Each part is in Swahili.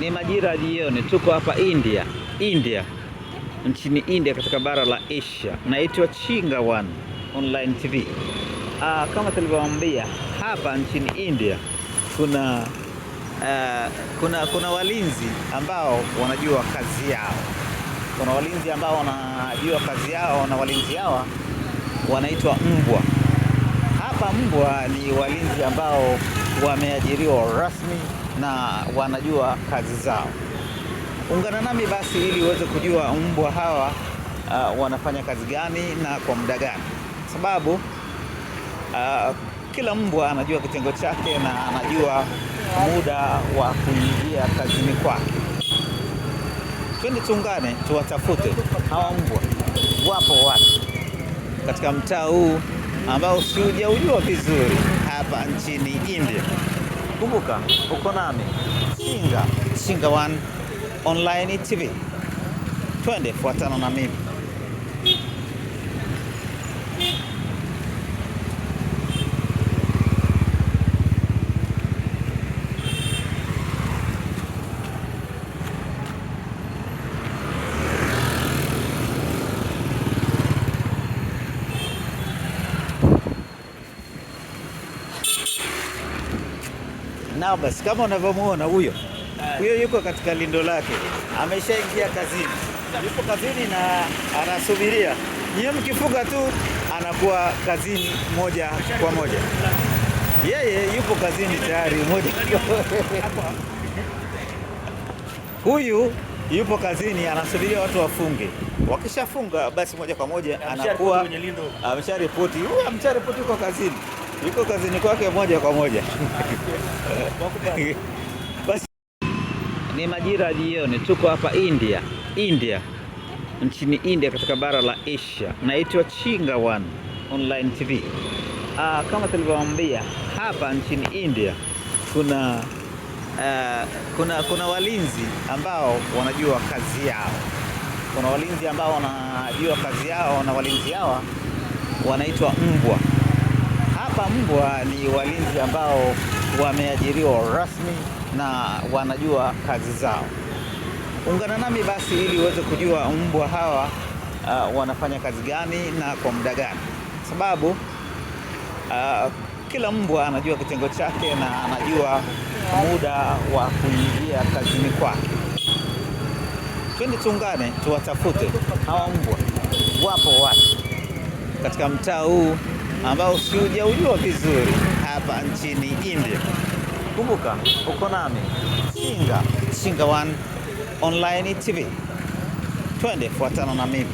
Ni majira ya jioni, tuko hapa India, India, nchini India, katika bara la Asia. Naitwa Chinga One Online TV. Aa, ah, kama tulivyowaambia hapa nchini India kuna, uh, kuna kuna walinzi ambao wanajua kazi yao. Kuna walinzi ambao wanajua kazi yao, na walinzi hawa wanaitwa mbwa. Hapa mbwa ni walinzi ambao wameajiriwa rasmi na wanajua kazi zao. Ungana nami basi ili uweze kujua mbwa hawa uh, wanafanya kazi gani na kwa muda gani, sababu uh, kila mbwa anajua kitengo chake na anajua muda wa kuingia kazini kwake. Twende tuungane, tuwatafute hawa mbwa, wapo wapi katika mtaa huu ambao siujaujua vizuri hapa nchini India. Kumbuka uko nami singa singa One Online TV, twende fuatana na mimi. basi kama unavyomuona huyo huyo yuko katika lindo lake, ameshaingia kazini, yupo kazini na anasubiria nyie, mkifuga tu anakuwa kazini moja kwa moja. Yeye yupo kazini tayari moja huyu yupo kazini anasubiria watu wafunge, wakishafunga basi moja kwa moja anakuwa ripoti, huyu ripoti, yuko kazini yuko kazini kwake moja kwa moja basi. Ni majira ya jioni, tuko hapa India, India, nchini India, katika bara la Asia. Naitwa Chinga One Online TV. Aa, ah, kama tulivyowaambia hapa nchini India kuna, uh, kuna kuna walinzi ambao wanajua kazi yao. Kuna walinzi ambao wanajua kazi yao, na walinzi hawa wanaitwa mbwa hapa mbwa ni walinzi ambao wameajiriwa rasmi na wanajua kazi zao. Ungana nami basi ili uweze kujua mbwa hawa uh, wanafanya kazi gani na kwa muda gani, sababu uh, kila mbwa anajua kitengo chake na anajua muda wa kuingia kazini kwake. Twende tuungane, tuwatafute hawa mbwa, wapo wapi katika mtaa huu ambao siujaujua vizuri hapa nchini India. Kumbuka uko nami Singa, Singa One Online TV, twende fuatana na mimi.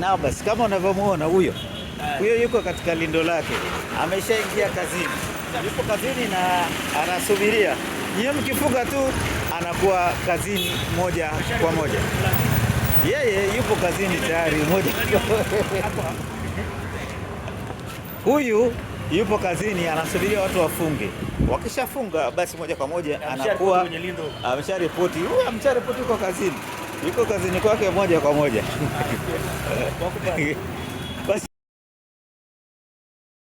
na basi, kama unavyomuona huyo huyo yuko katika lindo lake, ameshaingia kazini, yuko kazini na anasubiria nyie, mkifuga tu anakuwa kazini moja kwa moja, yeye yupo kazini tayari moja huyu yupo kazini anasubiria watu wafunge, wakishafunga basi moja kwa moja anakuwa amesharipoti, huyu amesharipoti, yuko kazini yuko kazini kwake moja kwa moja